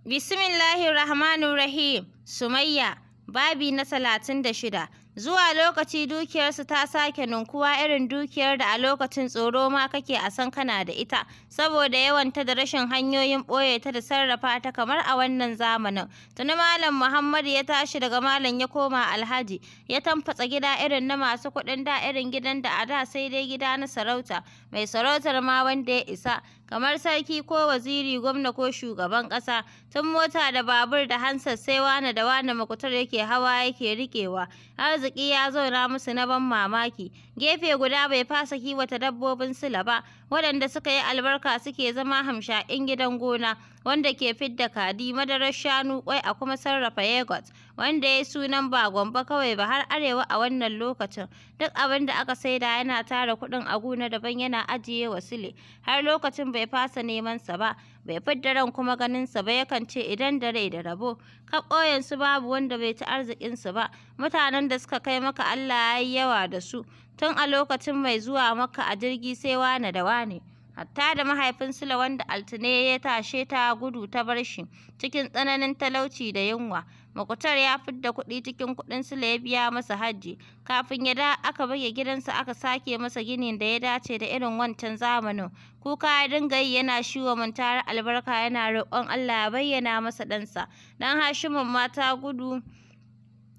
Bismillahirrahmanirrahim. Sumayya, babi na talatin da shida. Zuwa lokaci dukiyarsu ta sake nunkuwa irin dukiyar da a lokacin tsoro ma kake a san kana da ita, saboda yawan ta da rashin hanyoyin ɓoye ta da sarrafa ta kamar a wannan zamanin. Tuni Malam Muhammad ya tashi daga Malam ya koma Alhaji, ya tamfatsa gida irin na masu kuɗin da irin gidan da a da sai dai gida na sarauta. mai sarautar ma wanda ya isa kamar sarki ko waziri gwamna ko shugaban ƙasa tun mota da babur da hansa sai wane da wane makutar yake hawa yake riƙewa arziki ya zauna musu na ban mamaki gefe guda bai fasa kiwata dabbobin sila ba waɗanda suka yi albarka suke zama hamshaƙin gidan gona wanda ke fidda kadi madarar shanu kwai a kuma sarrafa yogurt wanda ya sunan ba gwamba kawai ba har arewa a wannan lokacin duk abin da aka saida yana tara kuɗin a gona daban yana ajiye wa sile har lokacin bai fasa neman sa ba bai fidda ran kuma ganin sa ba yakan ce idan da rai da rabo kaɓoyan su babu wanda bai ci arzikin su ba mutanen da suka kai maka Allah yayi yawa da su tun a lokacin mai zuwa Makka a jirgi sai wane da wane hatta da mahaifin Sule wanda Altine ya tashe ta gudu ta bar shi cikin tsananin talauci da yunwa. Makutar ya fidda kuɗi cikin kuɗin Sule ya biya masa hajji. Kafin ya da aka bage gidansa aka sake masa ginin da ya dace da irin wancan zamanin. Kuka ya dinga yi yana shiwa mantara albarka yana roƙon Allah ya bayyana masa ɗansa. Dan Hashimun ma ta gudu.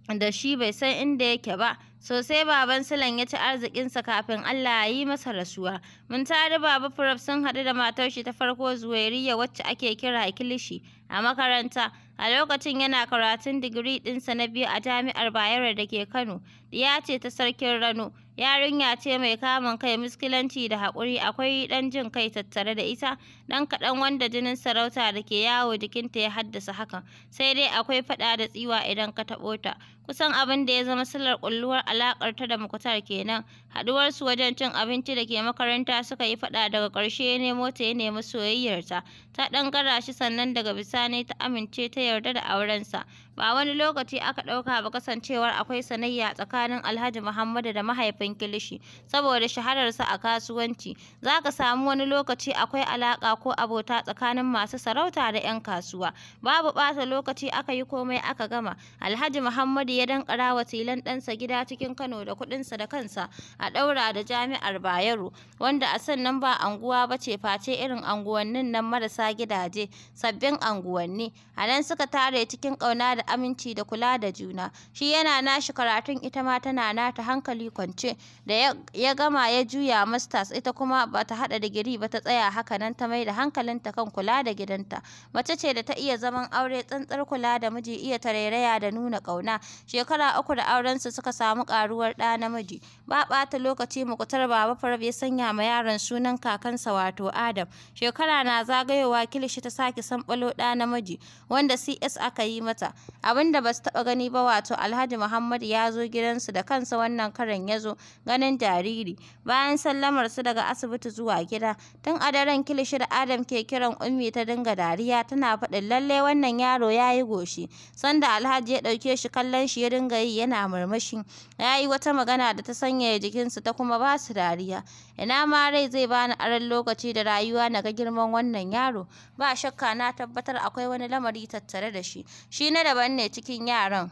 da shi bai san inda yake ba sosai baban silan ya ci arzikinsa kafin Allah ya yi masa rasuwa mun tare baba firaf sun haɗu da matar shi ta farko Zuwairiya wacce ake kira Kilishi a makaranta a lokacin yana karatun digiri ɗinsa na biyu a jami'ar Bayero da ke Kano ya ce ta sarkin Rano Yarinya ce mai kamun kai, miskilanci da haƙuri, akwai ɗan jin kai tattare da ita, ɗan kaɗan wanda jinin sarauta da ke yawo jikinta ya haddasa hakan, sai dai akwai faɗa da tsiwa idan ka taɓo ta. kusan abin da ya zama silar kulluwar alakar ta da mukutar kenan haduwar su wajen cin abinci da ke makaranta suka yi fada daga karshe ya nemo ta ya nemi soyayyarta ta dan gara shi sannan daga bisani ta amince ta yarda da aurensa ba wani lokaci aka dauka ba kasancewar akwai sanayya tsakanin Alhaji Muhammadu da mahaifin Kilishi saboda shahararsa a kasuwanci zaka samu wani lokaci akwai alaka ko abota tsakanin masu sarauta da 'yan kasuwa babu bata lokaci aka yi komai aka gama Alhaji Muhammadu ya dankara wa tilan ɗansa gida cikin Kano da kuɗinsa da kansa a ɗaura da jami'ar Bayero wanda a sannan ba anguwa bace face irin anguwannin nan marasa gidaje sabbin anguwanni a nan suka tare cikin kauna da aminci da kula da juna shi yana nashi karatun ita ma tana nata hankali kwance da ya gama ya juya masters ita kuma ba ta haɗa digiri ba ta tsaya haka nan ta mai da hankalinta kan kula da gidanta mace ce da ta iya zaman aure tsantsar kula da miji iya tarairaya da nuna kauna. Shekara uku da aurensu suka samu karuwar ɗa namiji. Ba ɓata lokaci mukutar Baba Farab ya sanya ma yaron sunan kakansa wato Adam. Shekara na zagayowa kilishi ta sake ɓalo ɗa namiji wanda CS aka yi mata. Abin da ba su taɓa gani ba wato Alhaji Muhammad ya zo gidansu da kansa wannan karan ya zo ganin jariri. Bayan sallamar su daga asibiti zuwa gida, tun a daren kilishi da Adam ke kiran Ummi ta dinga dariya tana faɗin lallai wannan yaro ya yi goshi. Sanda Alhaji ya ɗauke shi kallon shi ya dinga yi yana murmushi ya yi wata magana da ta sanyaya jikinsu ta kuma ba su dariya ina ma rai zai bani aron lokaci da rayuwa na ga girman wannan yaro ba shakka na tabbatar akwai wani lamari tattare da shi shi na daban ne cikin yaran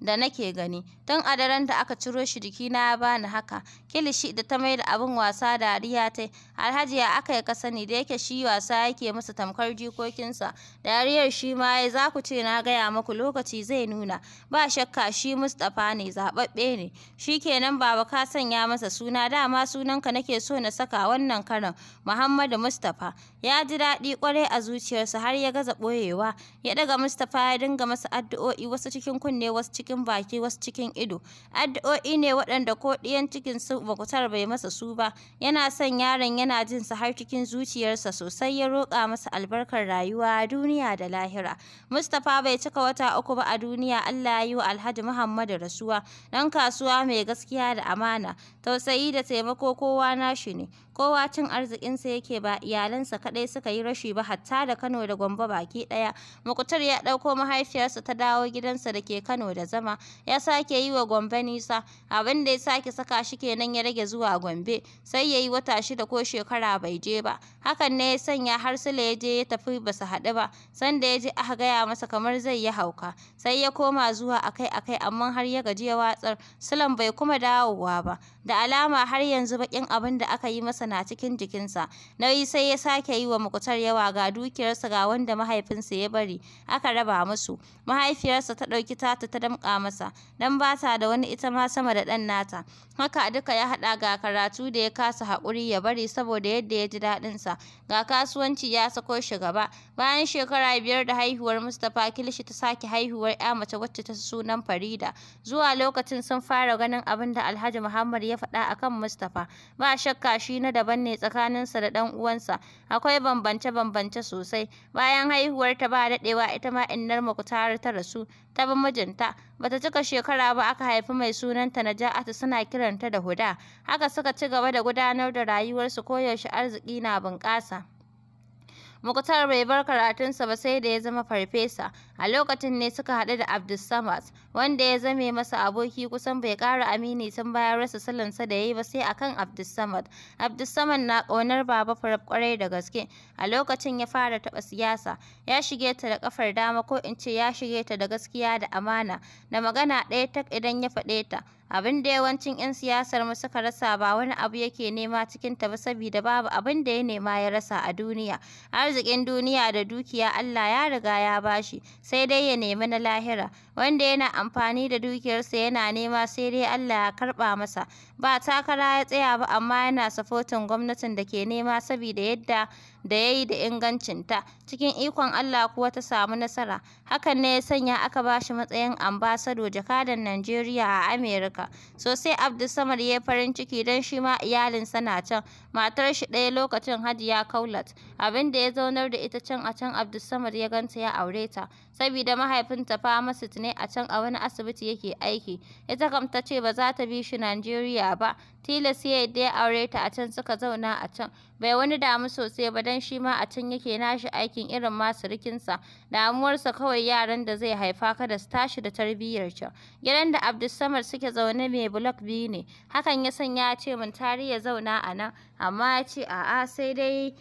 da nake gani tun a daren da aka ciro shi jiki na ya bani haka kilishi da ta maida da abin wasa dariya ta alhaji ya aka yi sani da yake shi wasa yake masa tamkar jikokinsa dariyar shi ma ya za ku ce na gaya muku lokaci zai nuna ba shakka shi mustapha ne zaɓaɓɓe ne shi kenan baba ka sanya masa suna dama sunanka nake so na saka wannan karan muhammadu mustapha ya ji daɗi kwarai a zuciyarsa har ya gaza ɓoyewa ya ɗaga mustapha ya dinga masa addu'o'i wasu cikin kunne wasu cikin cikin baki wasu cikin ido addu'o'i ne waɗanda ko ɗiyan cikin su bakutar bai masa su ba yana son yaron yana jin sa har cikin zuciyarsa sosai ya roƙa masa albarkar rayuwa duniya da lahira Mustapha bai cika wata uku ba a duniya Allah ya yi wa Alhaji Muhammadu rasuwa dan kasuwa mai gaskiya da amana tausayi da taimako kowa nashi ne kowa cin arzikinsa yake ba iyalansa kaɗai suka yi rashi ba hatta da Kano da Gombe baki ɗaya Mukutar ya ɗauko mahaifiyarsa ta dawo gidansa da ke Kano da zama sama ya sake yi wa Gombe nisa abin da ya sake saka shi kenan ya rage zuwa Gombe sai ya yi wata shida ko shekara bai je ba hakan ne ya sanya har Sule ya je ya tafi ba su haɗu ba sanda ya je aka gaya masa kamar zai yi hauka sai ya koma zuwa akai-akai amma har ya gaji ya watsar Sulan bai kuma dawowa ba da alama har yanzu bakin abin da aka yi masa na cikin jikinsa nauyi sai ya sake yi wa mukutar yawa ga dukiyarsa ga wanda mahaifinsa ya bari aka raba musu mahaifiyarsa ta ɗauki tata ta damƙa A masa dan ba ta da wani ita ma sama da ɗan nata haka duka ya haɗa ga karatu da ya kasa haƙuri ya bari saboda yadda ya ji daɗin sa ga kasuwanci ya sako shi gaba bayan shekara biyar da haihuwar Mustapha Kilishi ta sake haihuwar 'ya mace wacce ta sunan Farida zuwa lokacin sun fara ganin abin da Alhaji Muhammad ya faɗa akan Mustapha ba shakka shi na daban ne tsakanin sa da ɗan uwansa akwai bambance-bambance sosai bayan haihuwar ta ba daɗewa ita ma innar makutar ta rasu ta bi mijinta Bata cika shekara ba aka haifi mai sunanta Naja'atu suna kiranta da Huda. Haka suka ci gaba da gudanar da rayuwarsu koyaushe arziki na bunƙasa. Muktar bai bar karatunsa ba sai da ya zama farfesa. A lokacin ne suka haɗu da Abdulsamad, wanda ya zame masa aboki kusan bai ƙara amini tun bayan rasa salansa da ya yi ba sai akan Abdulsamad. Abdulsamad na ƙaunar Baba Farab ƙwarai da gaske. A lokacin ya fara taɓa siyasa, ya shige ta da ƙafar dama ko in ce ya shige ta da gaskiya da amana, da magana ɗaya tak idan ya faɗe ta. abin da yawancin 'yan siyasar mu suka rasa ba wani abu yake nema cikin ta ba saboda babu abin da ya nema ya rasa a duniya arzikin duniya da dukiya Allah ya riga ya bashi sai dai ya nemi na lahira wanda yana amfani da dukiyarsa yana nema sai dai Allah ya karba masa ba takara ya tsaya ba amma yana safotin gwamnatin da ke nema saboda yadda da ya yi da ingancinta cikin ikon Allah kuwa ta samu nasara hakan ne ya sanya aka ba shi matsayin ambasado jakadan Najeriya a Amerika sosai Abdulsamad ya yi farin ciki don shi ma iyalinsa na can matar shi ɗaya lokacin Hajiya Kaulat abin da ya zaunar da ita can a can Abdulsamad ya ganta ya aure ta saboda mahaifinta pharmacist ne a can a wani asibiti yake aiki ita kam ta ce ba za ta bi shi Najeriya ba tilas ya yadda ya aure ta a can suka zauna a can bai wani damu sosai ba don shi ma a can yake nashi aikin irin masu rikinsa damuwarsa kawai yaran da zai haifa kada su tashi da tarbiyyar can gidan da Abdulsamad suke zaune mai block biyu ne hakan ya sanya ya ce mun tari ya zauna a nan amma ya ce a'a sai dai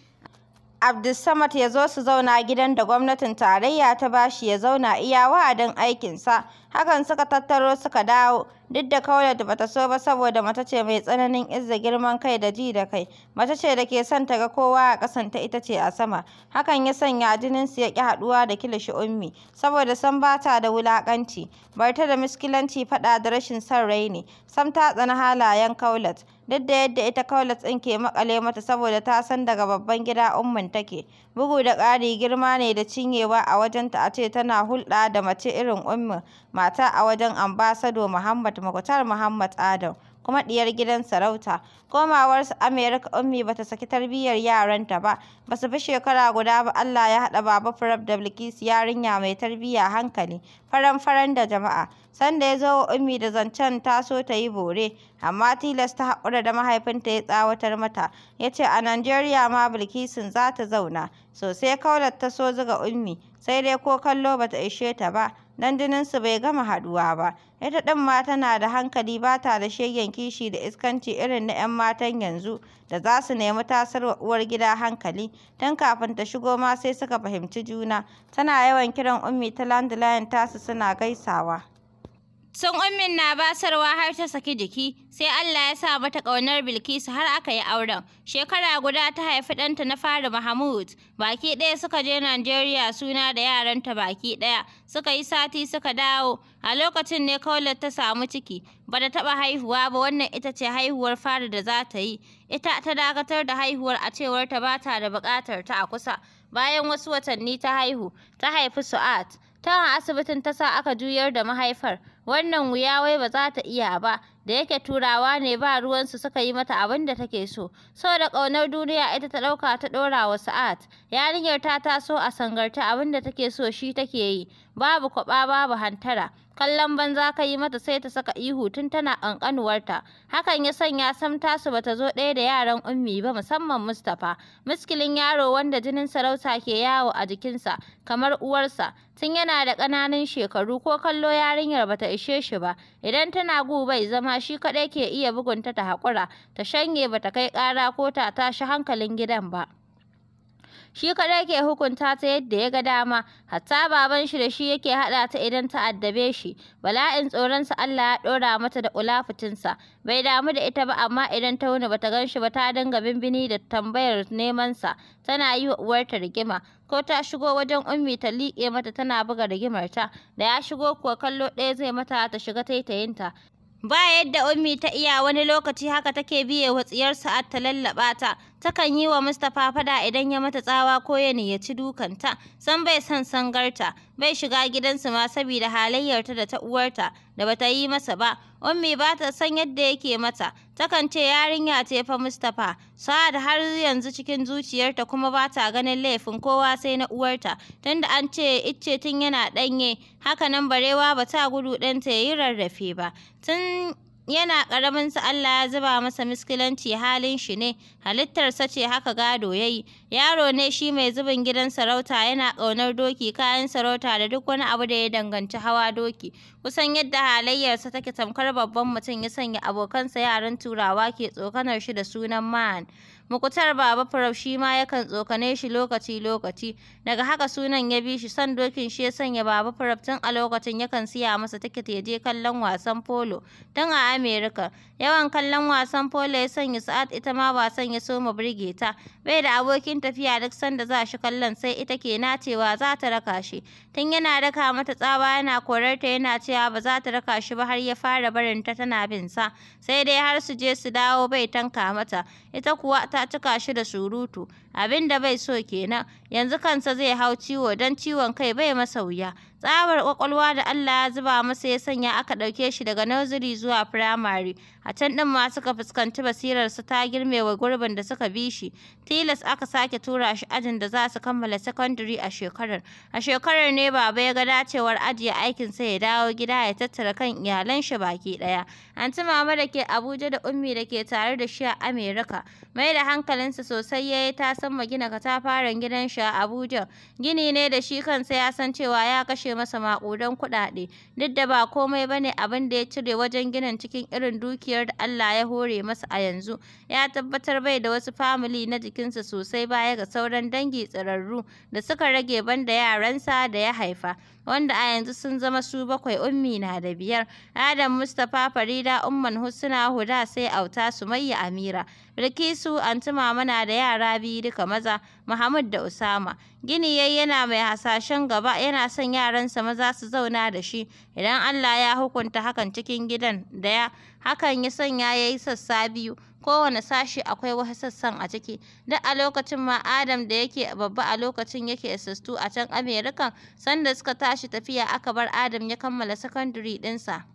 Abdulsamad ya zo su zauna gidan da gwamnatin tarayya ta bashi ya zauna iya wa'adin aikinsa hakan suka tattaro suka dawo duk da Kaulat ba ta so ba saboda mace ce mai tsananin izza girman kai da ji da kai, mace ce da ke son ta ga kowa a ta ita ce a sama, hakan ya sanya su ya ki haɗuwa da kilishi ummi, saboda san bata da wulaƙanci, barta da miskilanci faɗa da rashin son rai ne, sam ta tsana halayen Kaulat. duk da yadda ita Kaulat ɗin ke makale mata saboda ta san daga babban gida ummin take. Bugu da ƙari girma ne da cinyewa a wajenta a ce tana hulɗa da mace irin ummin mata a wajen ambasado Muhammad Muhammad Muktar Muhammad Adam kuma ɗiyar gidan sarauta. su Amerika Ummi bata saki tarbiyyar yaranta ba, basu bi shekara guda ba Allah ya haɗa Baba Frab da Bilkisu yarinya mai tarbiyya hankali, faran-faran da jama'a. Sanda ya zo Ummi da zancen ta so ta yi bore, amma tilas ta haƙura da mahaifinta ya tsawatar mata, ya ce a Najeriya ma bilkisin za ta zauna, sosai kaular ta so zuga Ummi, sai dai ko kallo bata ishe ta ba. don jininsu bai gama haduwa ba. Ita ɗin ma tana da hankali ba ta da shegen kishi da iskanci irin na 'yan matan yanzu da za su nemi wa uwar gida hankali. Tun kafin ta shigo ma sai suka fahimci juna. Tana yawan kiran Ummi ta landline tasu suna gaisawa. Sun ummin na basarwa har ta saki jiki, sai Allah ya sa mata ƙaunar Bilkisu har aka yi auren. Shekara guda ta haifi ɗanta na fara Mahmud, baki ɗaya suka je Najeriya suna da yaranta baki ɗaya, suka yi sati suka dawo. A lokacin ne Kaulat ta samu ciki, ba da taɓa haihuwa ba wannan ita ce haihuwar fara da za ta yi. Ita ta dakatar da haihuwar a cewar ta ba ta da buƙatar ta a kusa. Bayan wasu watanni ta haihu, ta haifi Su'ad. Ta asibitin ta sa aka juyar da mahaifar. wannan wuya wai ba za ta iya ba da yake turawa ne ba ruwansu suka yi mata abin da take so so da ƙaunar duniya ita ta ɗauka ta ɗora wa sa'at yarinyar ta taso a sangarta abin da take so shi take yi babu kwaɓa babu hantara kallon banza ka yi mata sai ta saka ihu tun tana ƙanƙanuwarta hakan ya sanya sam tasu bata zo ɗaya da yaran ummi ba musamman mustapha muskilin yaro wanda jinin sarauta ke yawo a jikinsa kamar uwarsa tun yana da ƙananan shekaru ko kallo yarinyar bata ishe shi ba idan tana gu bai zama shi kaɗai ke iya bugunta ta haƙura ta shanye bata kai ƙara ko ta tashi hankalin gidan ba shi kadai ke hukunta ta yadda ya ga dama hatta baban shi da shi yake haɗa ta idan ta addabe shi bala'in tsoronsa Allah ya ɗora mata da sa. bai damu da ita ba amma idan ta wuni bata gan shi ba ta dinga bimbini da tambayar neman sa tana yi wa uwarta rigima ko ta shigo wajen ummi ta liƙe mata tana buga rigimarta da ya shigo kuwa kallo ɗaya zai mata ta shiga taitayinta ba yadda ummi ta iya wani lokaci haka take biye wa tsiyar sa'ad ta lallaɓa ta takan yi wa Mustapha fada idan ya mata tsawa ko ya niyyaci dukanta, san bai son sangarta, bai shiga gidansu ma saboda halayyarta da ta uwarta da bata yi masa ba. Ummi ba ta san yadda yake mata, takan ce yarinya ce fa Mustapha, sa'ad har yanzu cikin zuciyarta kuma ba ta ganin laifin kowa sai na uwarta, tunda an ce icce tun yana ɗanye, haka nan barewa ba ta gudu ɗanta ya yi rarrafe ba. Tun yana ƙaramin sa Allah ya zuba masa miskilanci halin shi ne halittarsa ce haka gado yayi yaro ne shi mai zubin gidan sarauta yana ƙaunar doki kayan sarauta da duk wani abu da ya danganci hawa doki kusan yadda halayyarsa take tamkar babban mutum ya sanya abokansa yaran turawa ke tsokanar shi da sunan man Mukutar Baba Farau shi ma yakan tsokane shi lokaci-lokaci. Daga haka sunan ya bi shi son dokin shi ya sanya Baba Farau tun a lokacin yakan siya masa tiket ya je kallon wasan polo tun a Amerika. Yawan kallon wasan polo ya sanya Sa'ad ita ma wasan ya soma birge ta. Bai da abokin tafiya duk sanda za shi kallon sai ita ke nacewa za ta raka shi. Tun yana raka mata tsaba yana korar ta yana cewa ba za ta raka shi ba har ya fara barin ta tana bin sa. Sai dai har su je su dawo bai tanka mata. Ita kuwa ta cika shi da surutu abin da bai so kenan yanzu kansa zai hau ciwo don ciwon kai bai masa wuya tsabar kwakwalwa da Allah ya zuba masa ya sanya aka ɗauke shi daga nursery zuwa primary. a can ɗin ma suka fuskanci basirar su ta wa gurbin da suka bi shi tilas aka sake tura shi ajin da za su kammala secondary a shekarar a shekarar ne baba ya ga dacewar ajiye aikin sa ya dawo gida ya tattara kan iyalan shi baki ɗaya anti mama da ke Abuja da ummi da ke tare da shi a Amerika mai da hankalinsa sosai yayi ta san gina katafaren gidan shi a Abuja. Gini ne da shi kansa ya san cewa ya kashe masa maƙudan kuɗaɗe, duk da ba komai ba ne abin da ya cire wajen ginin cikin irin dukiyar da Allah ya hore masa a yanzu. Ya tabbatar bai da wasu famili na jikinsa sosai baya ga sauran dangi tsirarru da suka rage banda yaransa da ya haifa. wanda a yanzu sun zama su bakwai ummi na da biyar adam mustapha farida umman husna huda sai auta sumayya amira bilkisu antuma mana da yara biyu duka maza muhammad da usama gini yayi yana mai hasashen gaba yana son yaransa maza su zauna da shi idan allah ya hukunta hakan cikin gidan daya hakan ya sanya ya sassa biyu kowane sashi akwai wasu sassan a ciki duk a lokacin ma Adam da yake babba a lokacin yake sastu a can Amerikan sanda suka tashi tafiya aka bar Adam ya kammala sakandare ɗinsa.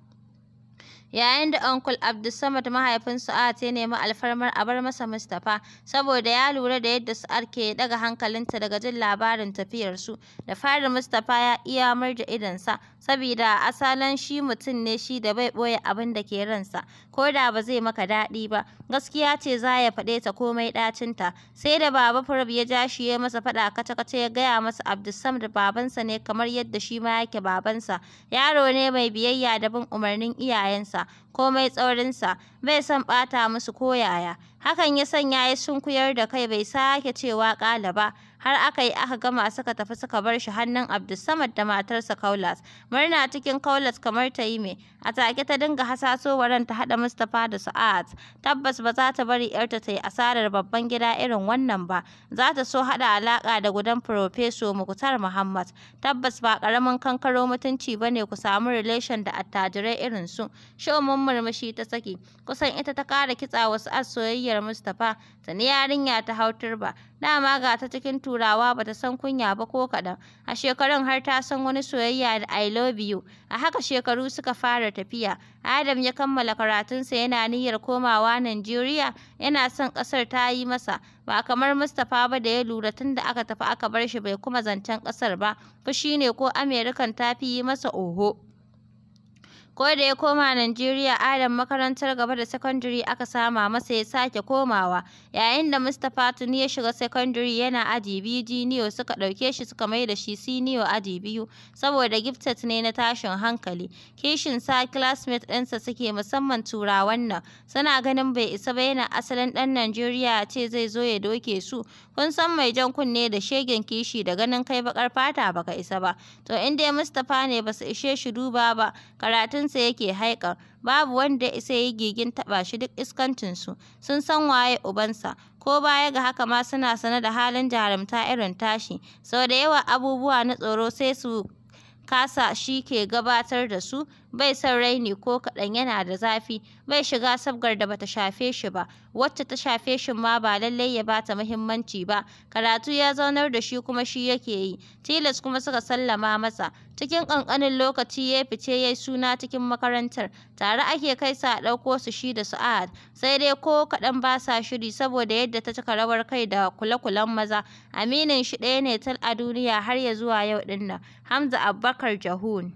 yayin da Uncle Abdulsamad mahaifin Su'ad ya nemi alfarmar a bar masa Mustapha saboda ya lura da yadda Su'ad ke daga hankalinta daga jin labarin tafiyar su, Da fari Mustapha ya iya da idonsa saboda asalan shi mutum ne shi da bai boye abin da ke ransa ko da ba zai maka daɗi ba gaskiya ce za ya faɗe ta komai ɗacinta sai da baba Furab ya ja shi ya masa faɗa kace-kace ya gaya masa Abdulsamad babansa ne kamar yadda shi ma yake babansa yaro ne mai biyayya da bin umarnin iyayensa komai tsaurinsa bai son ɓata musu ko yaya hakan ya sanya ya sunkuyar da kai bai sake cewa ƙala ba har aka yi aka gama suka tafi suka bar shi hannun Abdulsamad da matarsa Kaulas murna cikin Kaulas kamar ta yi mai a take ta dinga hasaso waran ta haɗa Mustapha da su'ad tabbas ba za ta bari yarta ta yi asarar babban gida irin wannan ba za ta so haɗa alaƙa da gudan Profeso Muktar Muhammad tabbas ba ƙaramin kankaro mutunci ba ne ku samu relation da attajirai irin su shomin murmushi ta saki kusan ita ta ƙara kitsa wasu soyayyar Mustapha ta ni yarinya ta hau turba Dama ga ta cikin turawa ba ta san kunya ba ko kaɗan. A shekarun har ta san wani soyayya da I love you. A haka shekaru suka fara tafiya. Adam ya kammala karatunsa yana niyyar komawa Najeriya yana son ƙasar ta yi masa. Ba kamar Mustapha ba da ya lura tun da aka tafi aka bar shi bai kuma zancen ƙasar ba. Fushi ne ko Amerikan ta fi yi masa oho. ko da ya koma Najeriya Adam makarantar gaba da sakandare aka sama masa ya sake komawa yayin da Mustapha tuni ya shiga sakandare yana aji biyu jiniyo suka ɗauke shi suka mai da shi siniyo aji biyu saboda gifted ne na tashin hankali kishin sa classmate ɗinsa suke musamman turawan nan suna ganin bai isa ba yana asalin ɗan Najeriya ce zai zo ya doke su kun san mai jan kunne da shegen kishi da ganin kai bakar fata baka isa ba to in dai Mustapha ne ba su ishe shi duba ba karatun fushinsa yake haikar babu wanda ya isa yi gigin taɓa shi duk iskancinsu sun san waye ubansa ko baya ga haka ma suna sane da halin jarumta irin tashi sau da yawa abubuwa na tsoro sai su kasa shi ke gabatar da su bai son raini ko kaɗan yana da zafi bai shiga sabgar da bata shafe shi ba wacce ta shafe shi ma ba lallai ya bata muhimmanci ba karatu ya zaunar da shi kuma shi yake yi tilas kuma suka sallama masa cikin ƙanƙanin lokaci ya fice ya suna cikin makarantar tare ake kai sa ɗauko su shi da su'ad sai dai ko kaɗan ba sa shiri saboda yadda ta cika rawar kai da kule-kulen maza aminin shi ɗaya ne tal a duniya har ya zuwa yau ɗin Hamza Abubakar Jahun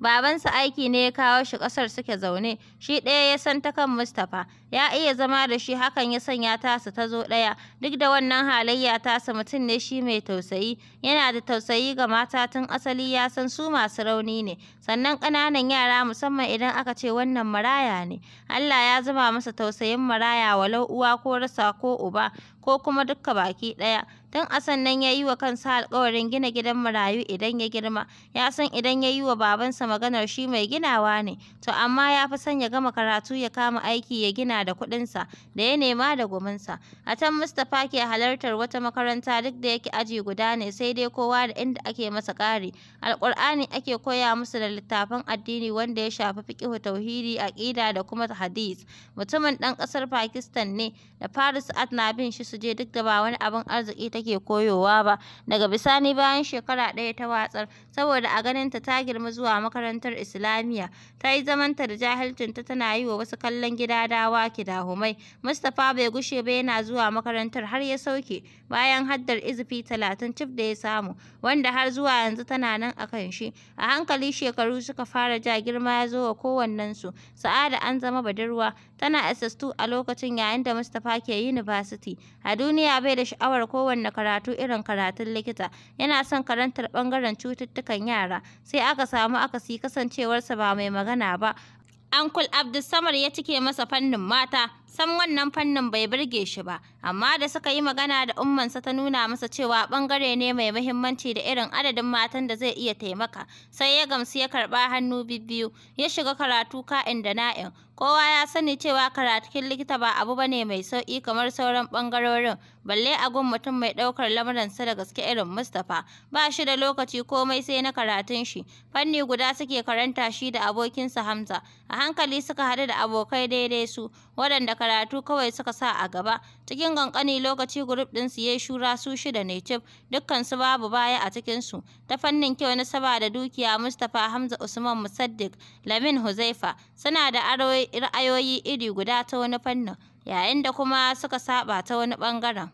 Babansa aiki ne ya kawo shi ƙasar suke zaune, shi ɗaya ya san ta kan Mustapha, ya iya zama da shi hakan ya sanya tasa ta zo ɗaya, duk da wannan halayya tasa mutum ne shi mai tausayi, yana da tausayi ga mata tun asali ya san su masu rauni ne, sannan ƙananan yara musamman idan aka ce wannan maraya ne, Allah ya zama masa tausayin maraya walau uwa ko rasa ko uba ko kuma dukka baki ɗaya. tun a sannan ya yi wa kansa alkawarin gina gidan marayu idan ya girma ya san idan ya yi wa babansa maganar shi mai ginawa ne to amma ya fi son ya gama karatu ya kama aiki ya gina da kuɗinsa da ya nema da guminsa a can mustapha ke halartar wata makaranta duk da yake aji guda ne sai dai kowa da inda ake masa ƙari alƙur'ani ake koya musu da littafan addini wanda ya shafi fiqh tauhidi aƙida da kuma hadis mutumin ɗan ƙasar pakistan ne da faris adnabin bin shi su je duk da ba wani abin arziki ta take koyowa ba. Daga bisani bayan shekara ɗaya ta watsar, saboda a ganinta ta girma zuwa makarantar Islamiyya. Ta yi zamanta da jahilcinta tana yi wa wasu kallon gida da kidahumai. Mustapha bai gushe ba yana zuwa makarantar har ya sauke, bayan haddar izifi talatin cif da ya samu, wanda har zuwa yanzu tana nan a kan shi. A hankali shekaru suka fara ja girma ya zo wa kowannensu. Sa'ada an zama budurwa, tana SS2 a lokacin yayin da Mustapha ke yunivasiti. A duniya bai da sha'awar kowanne karatu irin karatun likita yana son karantar bangaren cututtukan yara sai aka samu akasi kasancewarsa ba mai magana ba Ankul Abdulsamar ya cike masa fannin mata San wannan fannin bai burge shi ba amma da suka yi magana da ummansa ta nuna masa cewa ɓangare ne mai muhimmanci da irin adadin matan da zai iya taimaka sai ya gamsu ya karɓa hannu bibbiyu ya shiga karatu ka'in da na'in kowa ya sani cewa karatukin likita ba abu bane mai sauki kamar sauran bangarorin balle a gun mutum mai ɗaukar lamuransa da gaske irin Mustapha ba shi da lokaci komai sai na karatun shi fanni guda suke karanta shi da abokinsa Hamza a hankali suka hadu da abokai daidai su waɗanda karatu kawai suka sa a gaba. Cikin ƙanƙani lokaci gurup ɗinsu ya yi shura su shida ne cif, dukkansu babu baya a cikinsu. Ta fannin kyau na saba da dukiya Mustapha Hamza Usman Musaddiq, Lamin Huzaifa, suna da ra'ayoyi iri guda ta wani fannin, yayin da kuma suka saba ta wani ɓangaren.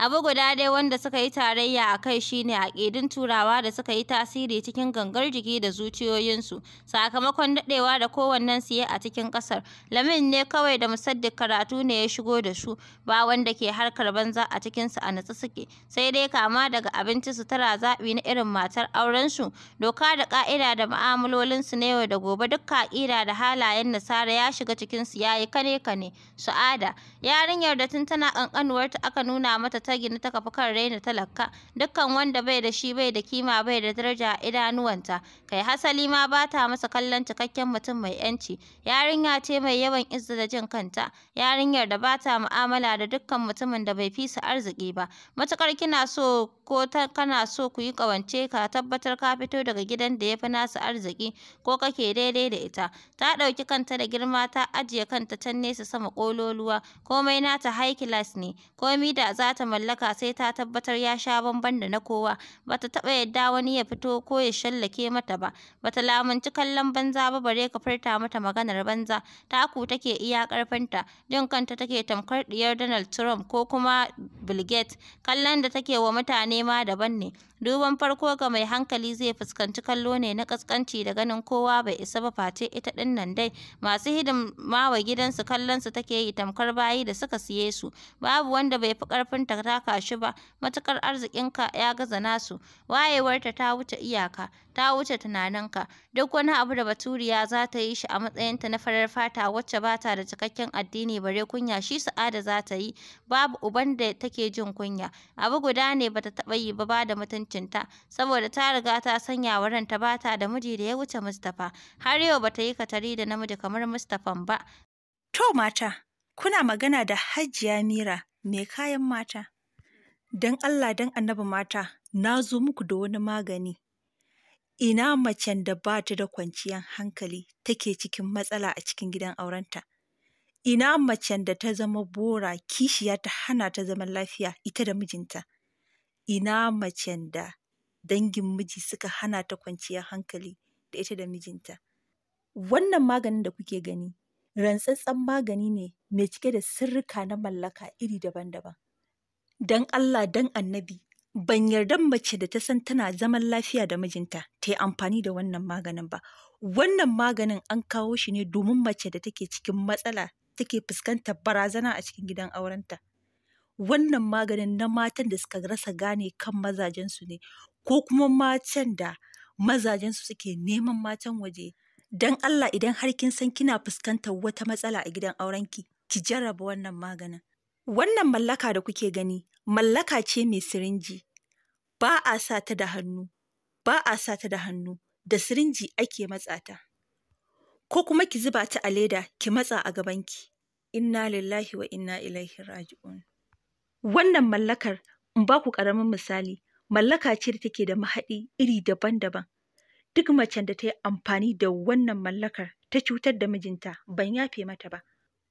Abu guda dai wanda suka yi tarayya a kai shine aƙidun Turawa da suka yi tasiri cikin gangar jiki da zuciyoyinsu sakamakon daɗewa da kowannen siye a cikin ƙasar. Lamin ne kawai da musaddik karatu ne ya shigo da su ba wanda ke harkar banza a cikinsu a natsu suke sai dai kama daga abinci sutura zaɓi na irin matar aurensu doka da ƙa'ida da mu'amalolinsu na yau da gobe duk ƙa'ida da halayen nasara ya shiga cikinsu ya yi kane-kane. Su'ada yarinyar da tun tana ƙanƙanuwarta aka nuna mata ta ginu ta kafa kan raina talaka dukkan wanda bai da shi bai da kima bai da daraja a idanuwanta kai hasali ma ba ta masa kallon cikakken mutum mai yanci yarinya ce mai yawan izza da jin kanta yarinyar da ba ta mu'amala da dukkan mutumin da bai fi su arziki ba matukar kina so ko ta kana so ku yi ƙawance ka tabbatar ka fito daga gidan da ya fi nasu arziki ko kake daidai da ita ta ɗauki kanta da girma ta ajiye kanta can nesa sama ƙololuwa komai nata high class ne komi da za ta mallaka sai ta tabbatar ya sha bamban da na kowa bata taɓa yadda wani ya fito ko ya shallake mata ba bata lamunci kallon banza ba bare ka furta mata maganar banza taku take iya ƙarfinta jin kanta take tamkar ɗiyar Donald Trump ko kuma Bill Gates kallon da take wa mutane nema daban ne. Duban farko ga mai hankali zai fuskanci kallo ne na kaskanci da ganin kowa bai isa ba face ita ɗin nan dai. Masu hidima wa gidansu kallonsu take yi tamkar bayi da suka siye su. Babu wanda bai fi ƙarfin ta taka shi ba. Matukar arzikinka ya gaza nasu. Wayewarta ta wuce iyaka, ta wuce tunaninka. Duk wani abu da Baturiya za ta yi shi a matsayinta na farar fata wacce ba ta da cikakken addini bare kunya shi Sa'ada za ta yi. Babu uban da take jin kunya. Abu guda ne ba taɓa taɓa yi ba bada mutuncinta saboda ta riga ta sanya wa ranta ba ta da miji da ya wuce Mustapha har yau bata yi katari da namiji kamar Mustapha ba. To mata, kuna magana da Hajiya Mira mai kayan mata. dan Allah dan annabi mata, na zo muku da wani magani. Ina macen da ba ta da kwanciyar hankali take cikin matsala a cikin gidan aurenta. ina macen da ta zama bora kishiya ta hana ta zaman lafiya ita da mijinta ina macen da dangin miji suka hana ta kwanciyar hankali da ita da mijinta. Wannan maganin da kuke gani, rantsatsen magani ne mai cike da sirrika na mallaka iri daban-daban. Don Allah, don annabi, ban yarda mace da ta san tana zaman lafiya da mijinta ta yi amfani da wannan maganin ba. Wannan maganin an kawo shi ne domin mace da take cikin matsala take fuskantar barazana a cikin gidan aurenta. wannan maganin na matan da suka rasa gane kan mazajensu ne ko kuma matan da mazajensu suke neman matan waje don Allah idan har kin san kina fuskantar wata matsala a gidan aurenki ki jarraba wannan maganin wannan mallaka da kuke gani mallaka ce mai sirinji ba a sa ta da hannu ba a sa da hannu da sirinji ake matsa ta ko kuma ki zuba ta a leda ki matsa a gabanki inna lillahi wa inna ilaihi raji'un Wannan mallakar, in ba ku ƙaramin misali, mallaka ce da take da mahaɗi iri daban-daban. Duk macen da ta yi amfani da wannan mallakar ta cutar da mijinta, ban yafe mata ba.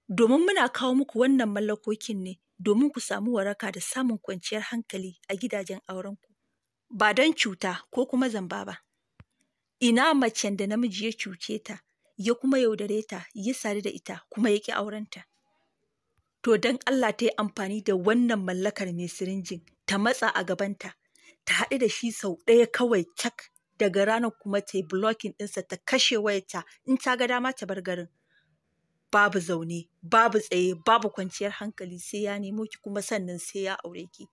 Domin muna kawo muku wannan mallakokin ne domin ku samu waraka da samun kwanciyar hankali a gidajen aurenku. Ba don cuta ko kuma zamba ba. Ina macen da namiji ya cuce ta, ya kuma yaudare ta, ya sadu da ita, kuma ya ƙi aurenta. to don Allah ta yi amfani da wannan mallakar mai sirinjin ta matsa a gabanta ta haɗu da shi sau ɗaya kawai cak daga ranar kuma ta yi blocking ɗinsa ta kashe wayarta in ta ga dama ta bar garin babu zaune babu tsaye babu kwanciyar hankali sai ya nemo ki kuma sannan sai ya aure ki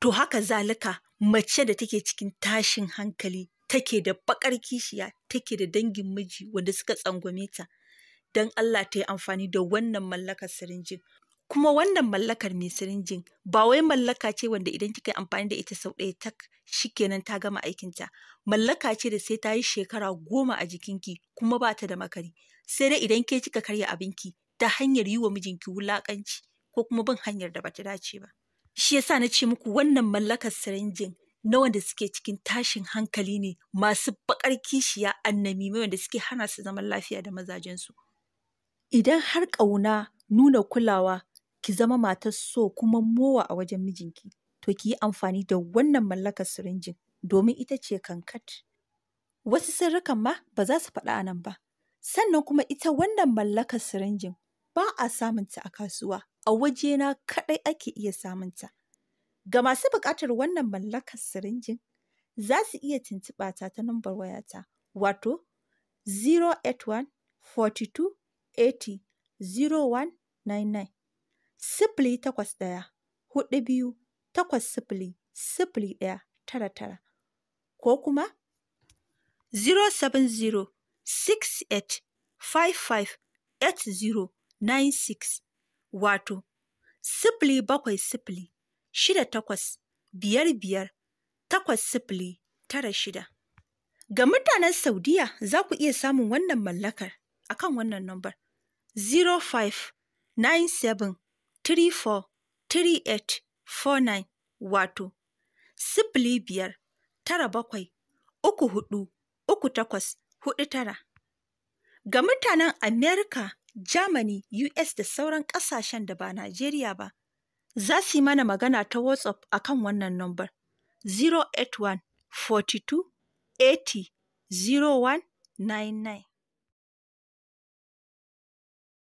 to haka zalika mace da take cikin tashin hankali take da bakar kishiya take da dangin miji wanda suka tsangwame ta don Allah ta yi amfani da wannan mallakar sirinjin kuma wannan mallakar mai sirinjin ba wai mallaka ce wanda idan kika yi amfani da ita sau ɗaya tak shikenan ta gama aikinta mallaka ce da sai ta yi shekara goma a jikinki kuma ba ta da makari sai dai idan ke kika karya abinki ta hanyar yi wa mijinki wulaƙanci ko kuma bin hanyar da bata dace ba shi yasa na ce muku wannan mallakar sirinjin na wanda suke cikin tashin hankali ne masu baƙar kishiya annami wanda suke hana su zaman lafiya da mazajensu idan har ƙauna nuna kulawa ki zama matar so kuma mowa a wajen mijinki, to ki yi amfani da wannan mallakar sirinjin domin ita ce kankat. Wasu sirrikan ma ba za su faɗa a nan ba. Sannan kuma ita wannan mallakar sirinjin ba a samunta a kasuwa, a wajena kaɗai ake iya samunta. Ga masu buƙatar wannan mallakar sirinjin, za su iya tuntuɓa ta ta nambar wayata, wato 081 42 80 0199. sifili takwas ɗaya huɗu biyu takwas sifili sifili ɗaya tara tara ko kuma 070 68 55 8096 wato sifili bakwai sifili shida takwas biyar biyar takwas sifili tara shida. Ga mutanen Saudiya za ku iya samun wannan mallakar akan wannan nambar 0597 343849 wato, sifili biyar tara bakwai uku hudu uku takwas hudu tara. Ga mutanen Amerika, Germany, US da sauran ƙasashen da ba Najeriya ba, za su yi mana magana ta WhatsApp a kan wannan nombar. 081 42 80